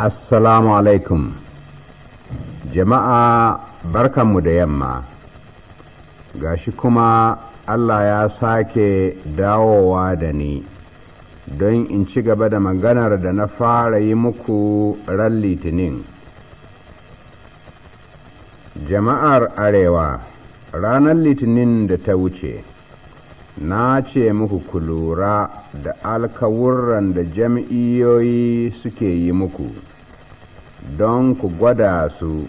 Assalamu alaikum. Jama'a barkanmu da yamma. Gashi kuma Allah ya sake dawowa da ni don in ci gaba da maganar da na fara yi muku ran litinin. Jama'ar Arewa ranar litinin da ta wuce. na ce muku ku lura da alkawurran da jam'iyoyi suke yi muku don ku gwada su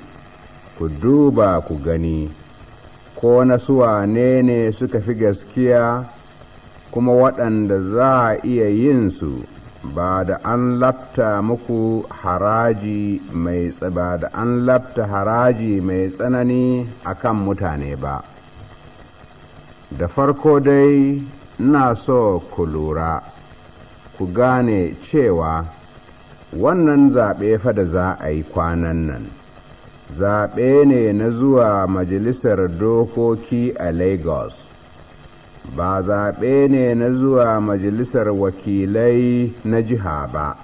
ku duba ku gani ko na suwa ne ne suka fi gaskiya kuma waɗanda za a iya yin su ba da an lafta muku haraji mai tsanani a kan mutane ba da farko dai ina so ku lura ku gane cewa wannan zaɓe fa da za a yi kwanan nan zaɓe ne na zuwa majalisar dokoki a lagos ba zaɓe ne na zuwa majalisar wakilai na jiha ba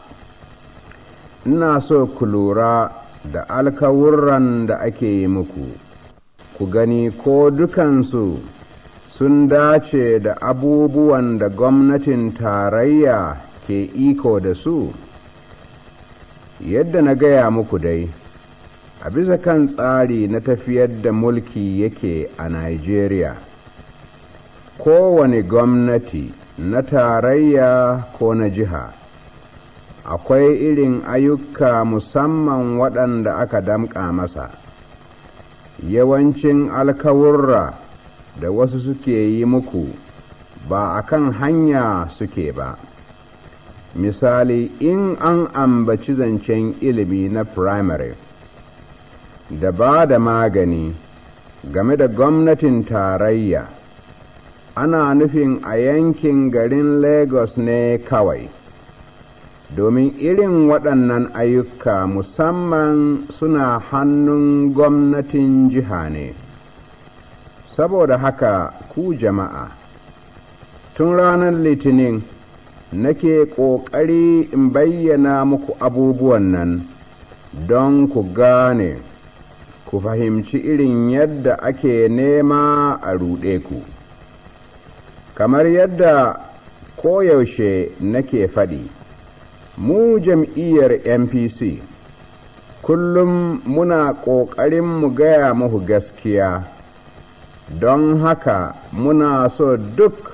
ina so ku lura da alkawurran da ake yi muku ku gani ko dukansu sun dace da abubuwan da gwamnatin tarayya ke iko da su yadda na gaya muku dai a bisa kan tsari na tafiyar da mulki yake a nigeria kowane gwamnati na tarayya ko na jiha akwai irin ayyuka musamman waɗanda aka damƙa masa yawancin alkawurra da wasu suke yi muku ba a kan hanya suke ba misali in an ambaci zancen ilimi na firamare da ba da magani game da gwamnatin tarayya ana nufin a yankin garin lagos ne kawai domin irin waɗannan ayyuka musamman suna hannun gwamnatin jiha ne saboda haka ku jama'a tun ranar litinin nake ƙoƙari in bayyana muku abubuwan nan don ku gane ku fahimci irin yadda ake nema a ruɗe ku kamar yadda koyaushe nake faɗi mu jam'iyyar npc kullum muna ƙoƙarin mu gaya muku gaskiya don haka muna so duk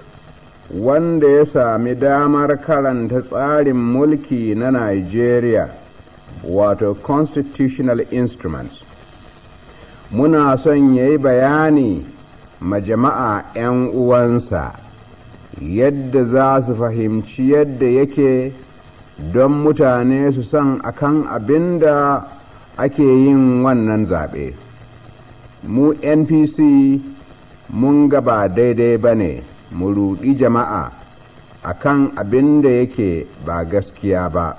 wanda ya sami damar karanta tsarin mulki na Nigeria wato constitutional instruments muna son ya yi bayani ma jama'a 'yan uwansa yadda za su fahimci yadda yake don mutane su san akan abin da ake yin wannan zaɓe mu npc mun gaba daidai ba ne mu ruɗi jama'a a kan abin da yake ba gaskiya ba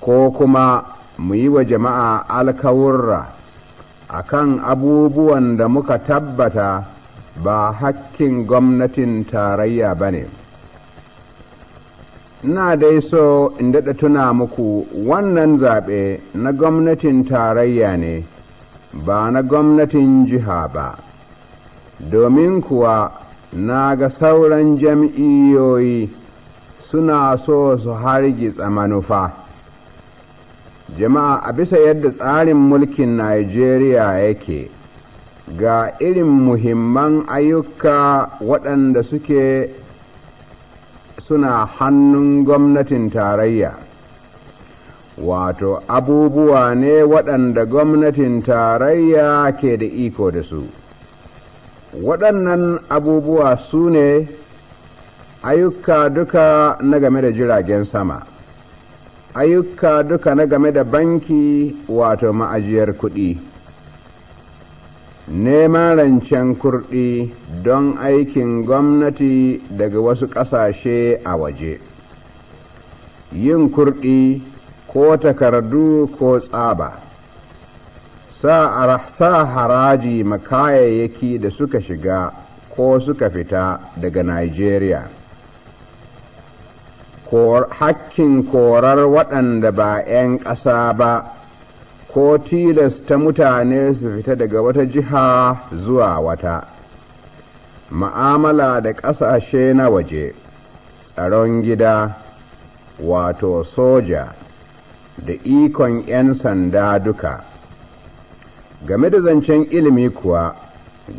ko kuma mu yi wa jama'a alkawurra a kan abubuwan da muka tabbata ba hakkin gwamnatin tarayya ba ne ina dai so in daɗa tuna muku wannan zaɓe na gwamnatin tarayya ne ba na gwamnatin jiha ba domin kuwa na ga sauran jam'iyoyi suna so su hargitsa manufa jama'a a bisa yadda tsarin mulkin najeriya yake ga irin muhimman ayyuka waɗanda suke suna hannun gwamnatin tarayya wato abubuwa ne waɗanda gwamnatin tarayya ke da iko da su waɗannan abubuwa su ne ayyuka duka na game da jiragen sama ayyuka duka na game da banki wato ma'ajiyar kuɗi neman rancen kurɗi don aikin gwamnati daga wasu ƙasashe a waje yin kurɗi ko takardu ko tsaba sa haraji makayayyaki da suka shiga ko suka fita daga Nigeria. Hakkin korar waɗanda ba ‘yan ƙasa ba, ko tilasta mutane su fita daga wata jiha zuwa wata. Ma'amala da ƙasashe na waje, tsaron gida, wato soja, da ikon ‘yan sanda duka. game da zancen ilimi kuwa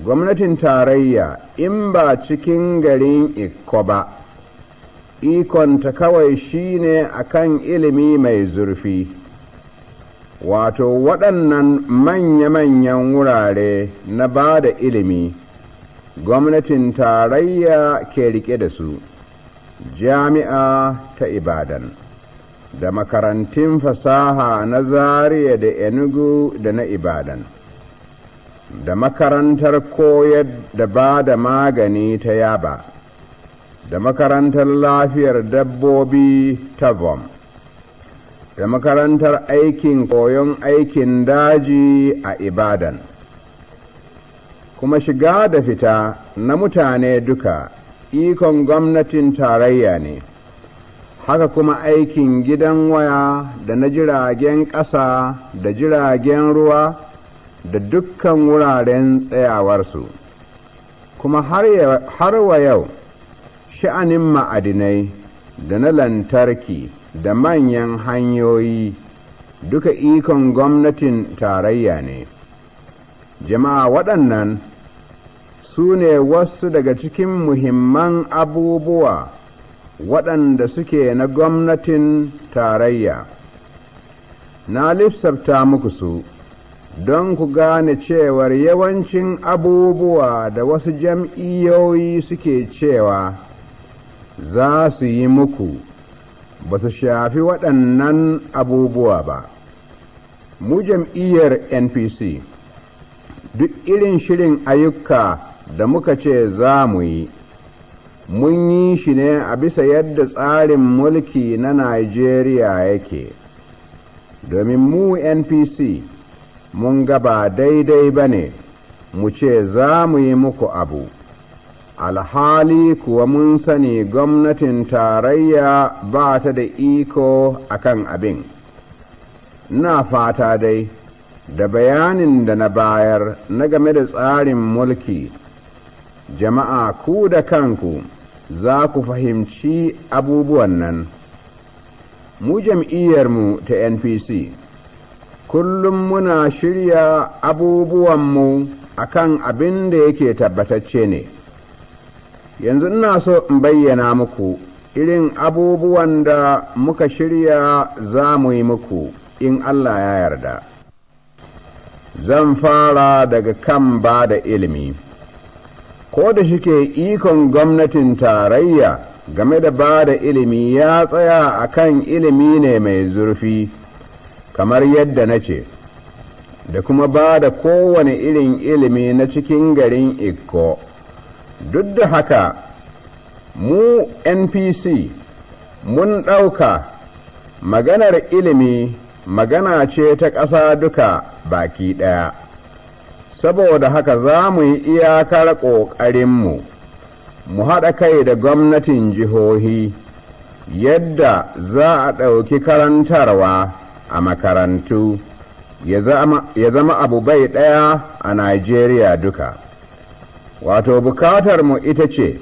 gwamnatin tarayya in ba cikin garin ikko ba ikonta kawai shi shine akan ilimi mai zurfi wato waɗannan manya-manyan wurare na ba da ilimi gwamnatin tarayya ke rike da su jami'a ta ibadan da makarantun fasaha na Zaria da Enugu da na Ibadan, da makarantar koyar da ba da magani ta Yaba, da makarantar lafiyar dabbobi ta bom da makarantar aikin koyon aikin daji a Ibadan. Kuma shiga da fita na mutane duka ikon gwamnatin tarayya ne. haka kuma aikin gidan waya da na jiragen ƙasa da jiragen ruwa da dukkan wuraren tsayawarsu kuma har wa yau sha'anin ma'adinai da na lantarki da manyan hanyoyi duka ikon gwamnatin tarayya ne jama'a waɗannan su ne wasu daga cikin muhimman abubuwa waɗanda suke na gwamnatin tarayya na lissafta muku su don ku gane cewar yawancin abubuwa da wasu jam'iyyoyi suke cewa za su yi muku ba su shafi waɗannan abubuwa ba mu jam'iyyar npc duk irin shirin ayyuka da muka ce za mu yi mun yi shi ne a bisa yadda tsarin mulki na Najeriya yake domin mu NPC mun gaba daidai ba ne mu ce za mu yi muku abu alhali kuwa mun sani gwamnatin tarayya ba ta da iko a kan abin na fata dai da bayanin da na bayar na game da tsarin mulki jama'a ku da kanku za ku fahimci abubuwan nan mu jam'iyyar mu ta npc kullum muna shirya abubuwanmu a kan abin da yake tabbatacce ne yanzu ina so in bayyana muku irin abubuwan da muka shirya za mu yi muku in allah ya yarda zan fara daga kan ba da ilimi ko da shike ikon gwamnatin tarayya game da ba da ilimi ya tsaya a kan ilimi ne mai zurfi kamar yadda na ce da kuma ba da kowane irin ilimi na cikin garin ikko duk da haka mu npc mun ɗauka maganar ilimi magana ce ta ƙasa duka baki ɗaya saboda haka za mu yi iyakar ƙoƙarinmu mu haɗa kai da gwamnatin jihohi yadda za a ɗauki karantarwa a makarantu ya zama abu bai ɗaya a Najeriya duka. Wato mu ita ce,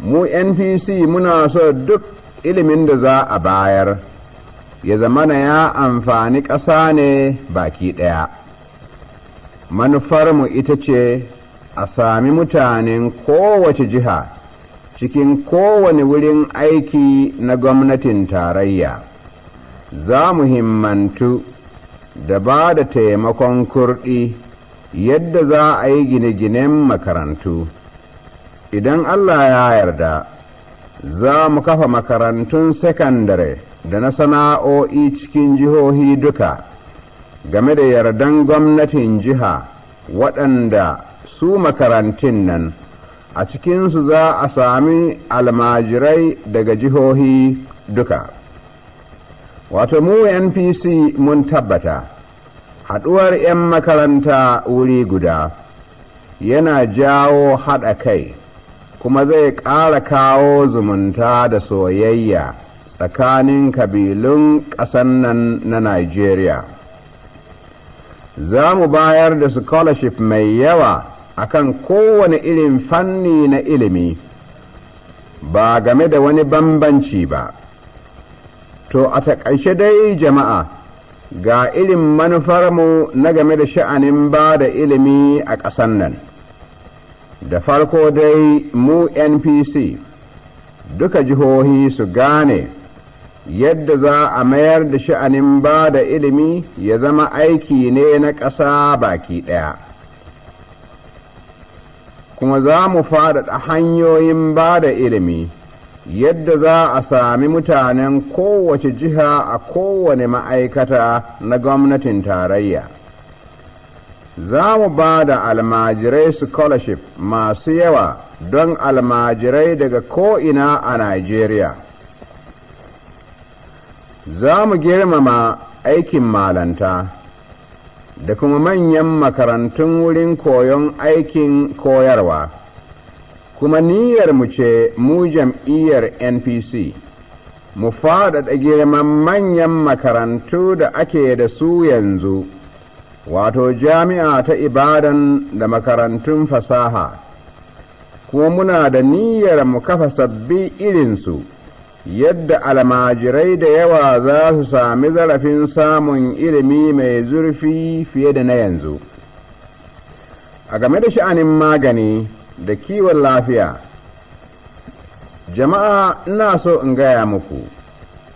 mu NPC muna so duk ilimin da za a bayar, ya zamana ya amfani ƙasa ne baki ɗaya. manufarmu ita ce a sami mutanen kowace jiha cikin kowane wurin aiki na gwamnatin tarayya za mu himmantu da ba da taimakon kurɗi yadda za a yi gine-ginen makarantu idan allah ya yarda za mu kafa makarantun sakandare da na sana'o'i cikin jihohi duka game da yardan gwamnatin jiha waɗanda su makarantun nan a cikinsu za a sami almajirai daga jihohi duka wato mu npc mun tabbata haɗuwar 'yan makaranta wuri guda yana jawo haɗa kai kuma zai ƙara kawo zumunta da soyayya tsakanin kabilun ƙasan nan na Najeriya. za mu bayar da scholarship mai yawa a kan kowane irin fanni na ilimi ba game da wani bambanci ba to a taƙaice dai jama'a ga irin manufarmu na game da sha'anin ba da ilimi a ƙasan nan da farko dai mu npc duka jihohi su gane yadda za a mayar da sha'anin ba da ilimi ya zama aiki ne na ƙasa baki ɗaya kuma za mu faɗaɗa hanyoyin ba da ilimi yadda za a sami mutanen kowace jiha a kowane ma'aikata na gwamnatin tarayya za mu ba da almajirai scholarship masu yawa don almajirai daga ko'ina a Najeriya. za mu girmama aikin malanta da kuma manyan makarantun wurin koyon aikin koyarwa kuma niyyar mu ce mu jam'iyyar npc mu faɗaɗa girman manyan makarantu da ake da su yanzu wato jami'a ta ibadan da makarantun fasaha kuma muna da niyyar mu kafa sabbi irinsu yadda almajirai da yawa za su sami zarafin samun ilimi mai zurfi fiye da na yanzu a game da sha'anin magani da kiwon lafiya jama'a ina so in gaya muku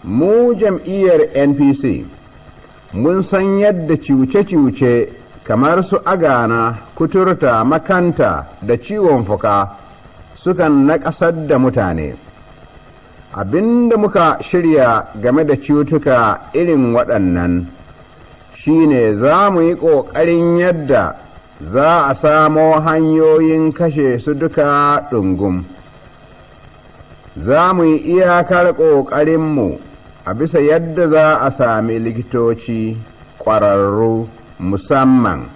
mu jam'iyyar npc mun san yadda ciwuce-ciwuce kamar su agana kuturta makanta da ciwon fuka sukan naƙasar da mutane abinda muka shirya game da cutuka irin waɗannan shi ne za mu yi ƙoƙarin yadda za a samo hanyoyin kashe su duka ɗungum za mu yi iyakar ƙoƙarinmu a bisa yadda za a sami likitoci ƙwararru musamman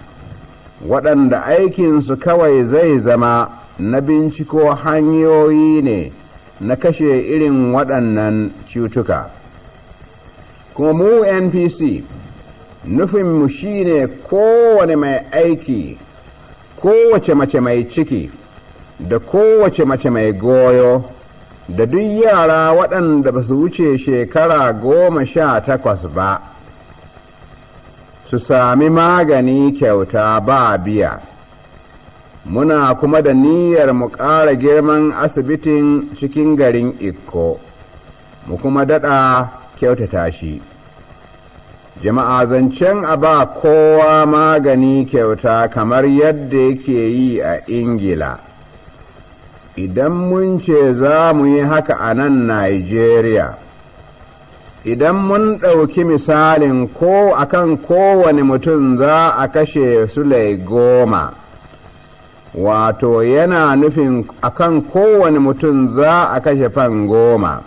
waɗanda aikinsu kawai zai zama na binciko hanyoyi ne na kashe irin waɗannan cutuka kuma mu npc nufinmu shine kowane mai aiki kowace mace mai ciki da kowace mace mai goyo da duk yara waɗanda ba su wuce shekara goma sha takwas ba su sami magani kyauta ba biya muna kuma da niyyar mu ƙara girman asibitin cikin garin Ikko, mu kuma daɗa kyautata shi. Jama'a zancen a ba kowa magani kyauta kamar yadda yake yi a Ingila. Idan mun ce za mu yi haka a nan Najeriya, idan mun ɗauki misalin ko akan kowane mutum za a kashe Sulai goma. wato yana nufin akan kowane mutum za a kashe fan goma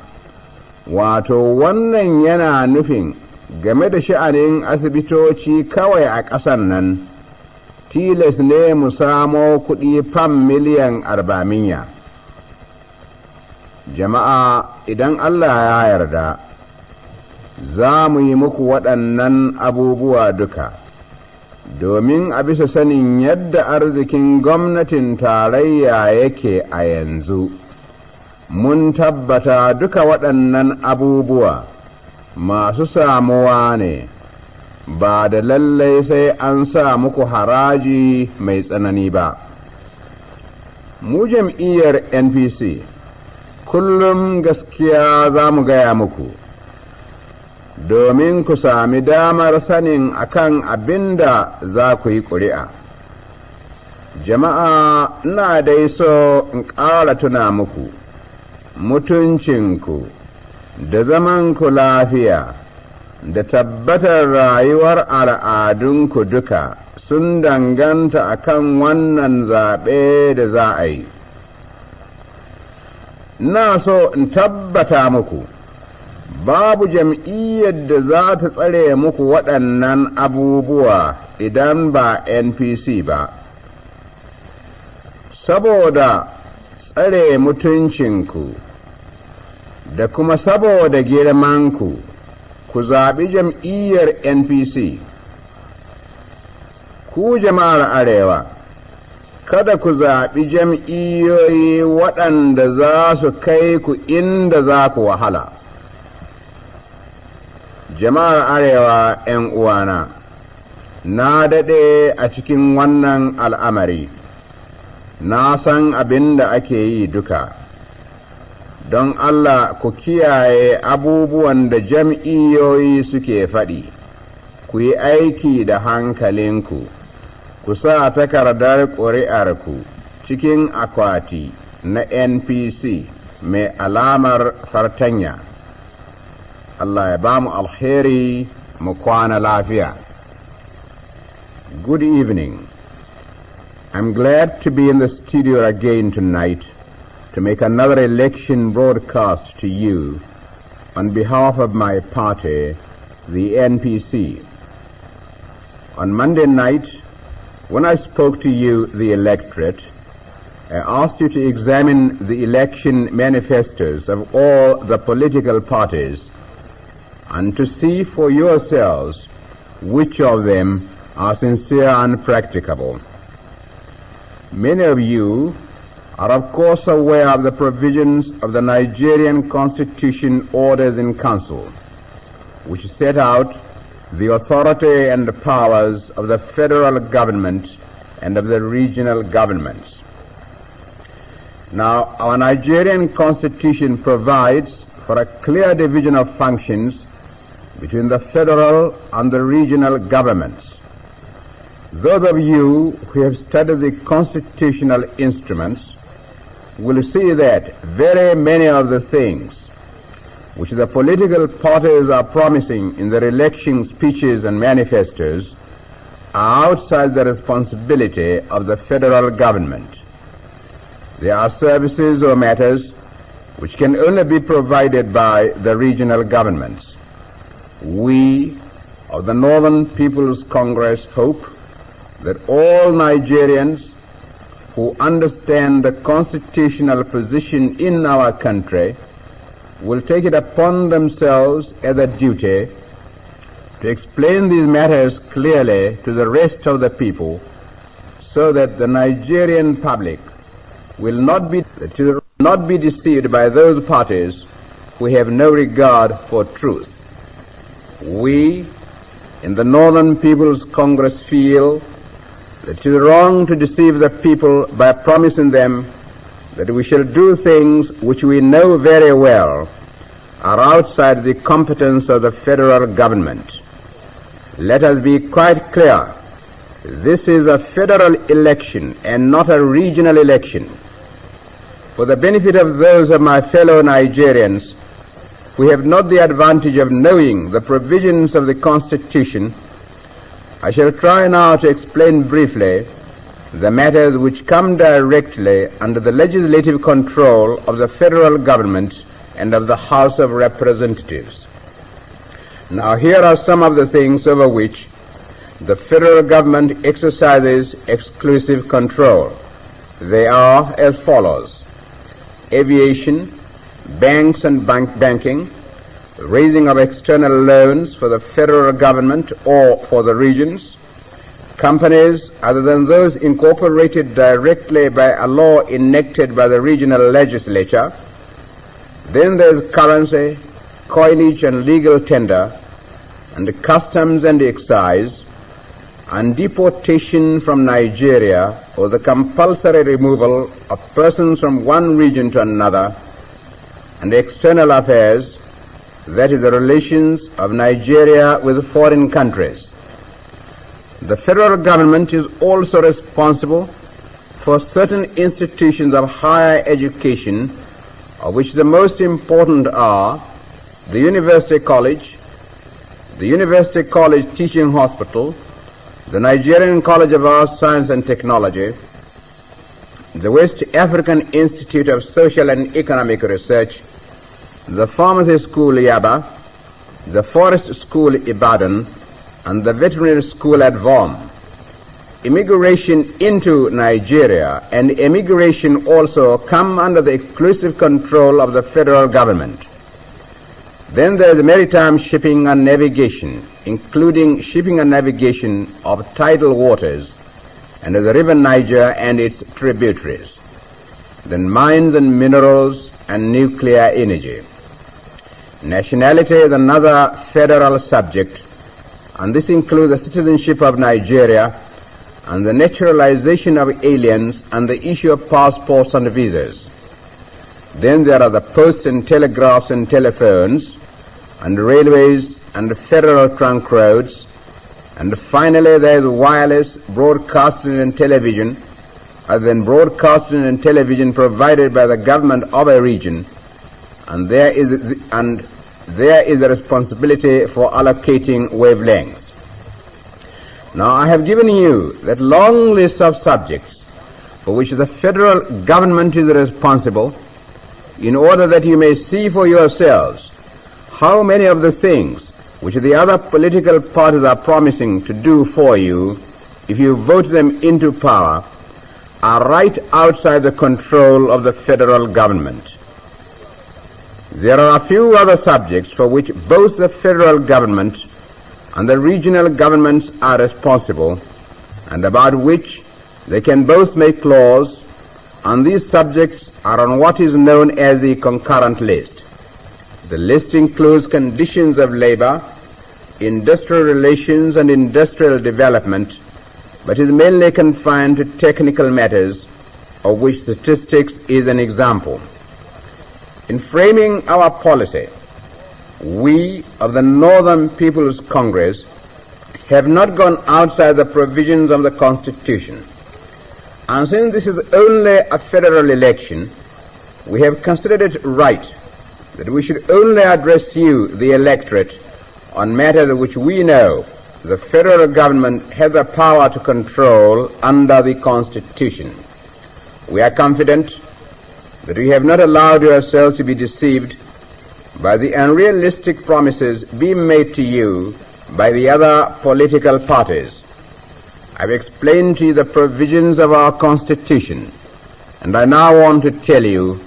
wato wannan yana nufin game da sha'anin asibitoci kawai a ƙasan nan tilas ne mu samo kuɗi fam miliyan arbaminya jama'a idan allah ya yarda za mu yi muku waɗannan abubuwa duka domin a bisa sanin yadda arzikin gwamnatin tarayya yake a yanzu mun tabbata duka waɗannan abubuwa masu samuwa ne ba da lallai sai an sa muku haraji mai tsanani ba mu jam'iyyar npc kullum gaskiya za mu gaya muku domin ku sami damar sanin akan abin da za ku yi ƙuri'a. Jama'a na dai so in ƙara tuna muku, mutuncinku da zamanku lafiya da tabbatar rayuwar al'adunku duka sun danganta akan wannan zaɓe da za a yi. Na so in tabbata muku. babu jam'iyyar da za ta tsare muku waɗannan abubuwa idan ba npc ba saboda tsare mutuncinku da kuma saboda girmanku ku zaɓi jam'iyyar npc ku jama'ar arewa kada ku zaɓi jam'iyyoyi waɗanda za su kai ku inda za ku wahala jama'ar arewa 'yan uwana na daɗe a cikin wannan al'amari na san abin da ake yi duka don Allah ku kiyaye abubuwan da jam'iyoyi suke faɗi ku yi aiki da hankalinku ku sa takardar ƙuri'arku cikin akwati na npc mai alamar fartanya Allah ya ba alheri mu kwana lafiya. Good evening. I'm glad to be in the studio again tonight to make another election broadcast to you on behalf of my party, the NPC. On Monday night, when I spoke to you, the electorate, I asked you to examine the election manifestos of all the political parties and to see for yourselves which of them are sincere and practicable. Many of you are of course aware of the provisions of the Nigerian Constitution Orders in Council, which set out the authority and the powers of the federal government and of the regional governments. Now, our Nigerian constitution provides for a clear division of functions between the federal and the regional governments. Those of you who have studied the constitutional instruments will see that very many of the things which the political parties are promising in their election speeches and manifestos are outside the responsibility of the federal government. There are services or matters which can only be provided by the regional governments we of the Northern People's Congress hope that all Nigerians who understand the constitutional position in our country will take it upon themselves as a duty to explain these matters clearly to the rest of the people so that the Nigerian public will not be, not be deceived by those parties who have no regard for truth. We in the Northern People's Congress feel that it is wrong to deceive the people by promising them that we shall do things which we know very well are outside the competence of the federal government. Let us be quite clear. This is a federal election and not a regional election. For the benefit of those of my fellow Nigerians we have not the advantage of knowing the provisions of the Constitution, I shall try now to explain briefly the matters which come directly under the legislative control of the federal government and of the House of Representatives. Now, here are some of the things over which the federal government exercises exclusive control. They are as follows aviation, banks and bank banking, raising of external loans for the federal government or for the regions, companies other than those incorporated directly by a law enacted by the regional legislature. Then there's currency, coinage and legal tender, and customs and excise, and deportation from Nigeria or the compulsory removal of persons from one region to another and external affairs, that is the relations of Nigeria with foreign countries. The federal government is also responsible for certain institutions of higher education, of which the most important are the University College, the University College Teaching Hospital, the Nigerian College of Arts, Science and Technology, the West African Institute of Social and Economic Research, the pharmacy school Yaba, the forest school Ibadan, and the veterinary school at Vorm. Immigration into Nigeria and immigration also come under the exclusive control of the federal government. Then there is maritime shipping and navigation, including shipping and navigation of tidal waters and the river Niger and its tributaries. Then mines and minerals and nuclear energy. Nationality is another federal subject, and this includes the citizenship of Nigeria and the naturalization of aliens and the issue of passports and visas. Then there are the posts and telegraphs and telephones, and railways and federal trunk roads, and finally there is wireless broadcasting and television, Other in broadcasting and television provided by the government of a region and there is and there is a responsibility for allocating wavelengths. Now I have given you that long list of subjects for which the federal government is responsible in order that you may see for yourselves how many of the things which the other political parties are promising to do for you if you vote them into power are right outside the control of the federal government. There are a few other subjects for which both the federal government and the regional governments are responsible and about which they can both make laws, and these subjects are on what is known as the concurrent list. The list includes conditions of labor, industrial relations, and industrial development, but is mainly confined to technical matters, of which statistics is an example. In framing our policy, we of the Northern People's Congress have not gone outside the provisions of the Constitution. And since this is only a federal election, we have considered it right that we should only address you, the electorate, on matters which we know the federal government has the power to control under the Constitution. We are confident that we have not allowed yourselves to be deceived by the unrealistic promises being made to you by the other political parties. I've explained to you the provisions of our Constitution, and I now want to tell you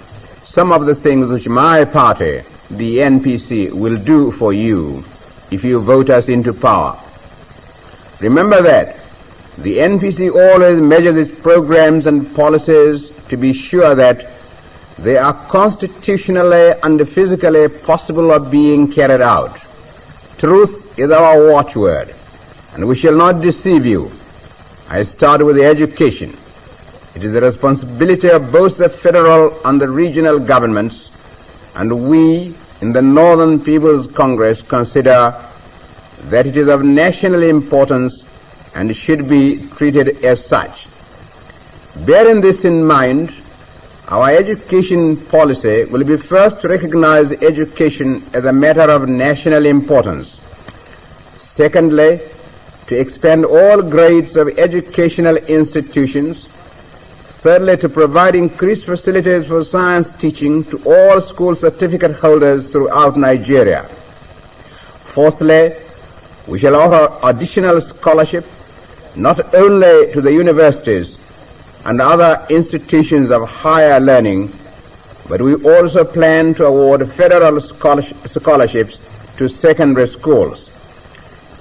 some of the things which my party, the NPC, will do for you if you vote us into power. Remember that the NPC always measures its programs and policies to be sure that they are constitutionally and physically possible of being carried out. Truth is our watchword, and we shall not deceive you. I start with education. It is the responsibility of both the federal and the regional governments, and we in the Northern People's Congress consider that it is of national importance and should be treated as such. Bearing this in mind, our education policy will be first to recognize education as a matter of national importance. Secondly, to expand all grades of educational institutions. Thirdly, to provide increased facilities for science teaching to all school certificate holders throughout Nigeria. Fourthly, we shall offer additional scholarship not only to the universities and other institutions of higher learning, but we also plan to award federal scholarships to secondary schools.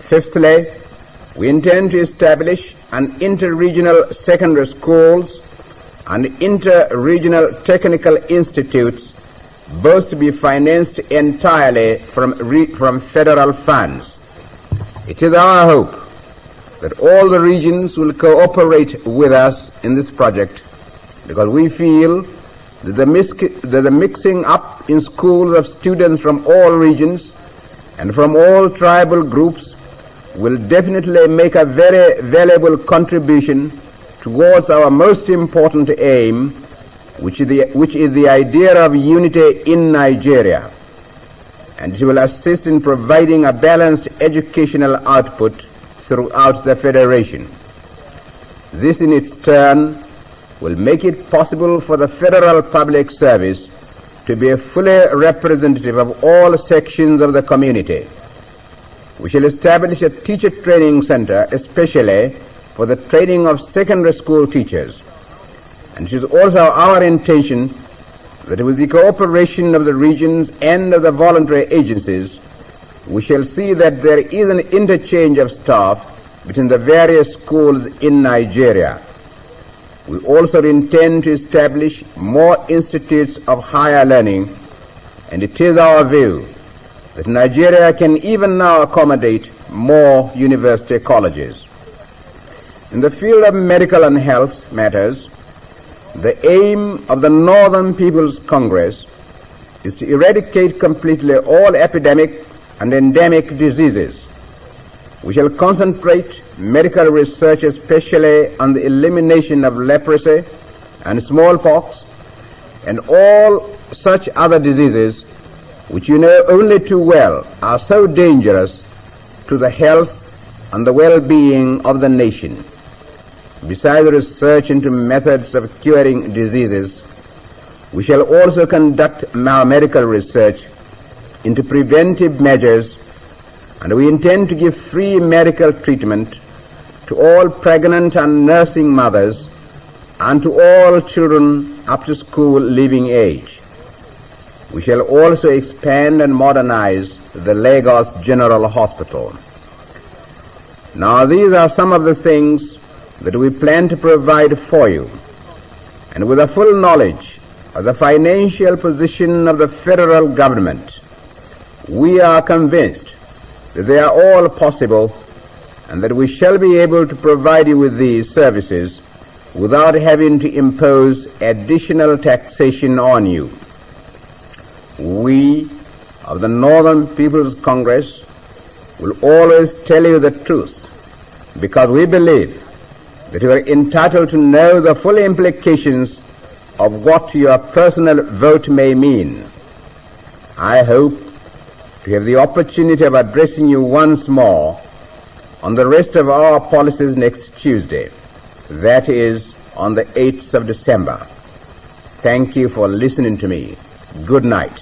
Fifthly, we intend to establish an inter-regional secondary schools and inter-regional technical institutes both to be financed entirely from, from federal funds. It is our hope that all the regions will cooperate with us in this project because we feel that the, that the mixing up in schools of students from all regions and from all tribal groups will definitely make a very valuable contribution towards our most important aim, which is the, which is the idea of unity in Nigeria. And it will assist in providing a balanced educational output throughout the Federation. This in its turn will make it possible for the Federal Public Service to be fully representative of all sections of the community. We shall establish a teacher training center especially for the training of secondary school teachers. And it is also our intention that with the cooperation of the regions and of the voluntary agencies, we shall see that there is an interchange of staff between the various schools in Nigeria. We also intend to establish more institutes of higher learning, and it is our view that Nigeria can even now accommodate more university colleges. In the field of medical and health matters, the aim of the Northern People's Congress is to eradicate completely all epidemic and endemic diseases. We shall concentrate medical research especially on the elimination of leprosy and smallpox and all such other diseases which you know only too well are so dangerous to the health and the well-being of the nation. Besides research into methods of curing diseases, we shall also conduct our medical research into preventive measures and we intend to give free medical treatment to all pregnant and nursing mothers and to all children up to school leaving age. We shall also expand and modernize the Lagos General Hospital. Now these are some of the things that we plan to provide for you. And with a full knowledge of the financial position of the federal government, we are convinced that they are all possible and that we shall be able to provide you with these services without having to impose additional taxation on you. We of the Northern People's Congress will always tell you the truth because we believe that you are entitled to know the full implications of what your personal vote may mean. I hope to have the opportunity of addressing you once more on the rest of our policies next Tuesday, that is, on the 8th of December. Thank you for listening to me. Good night.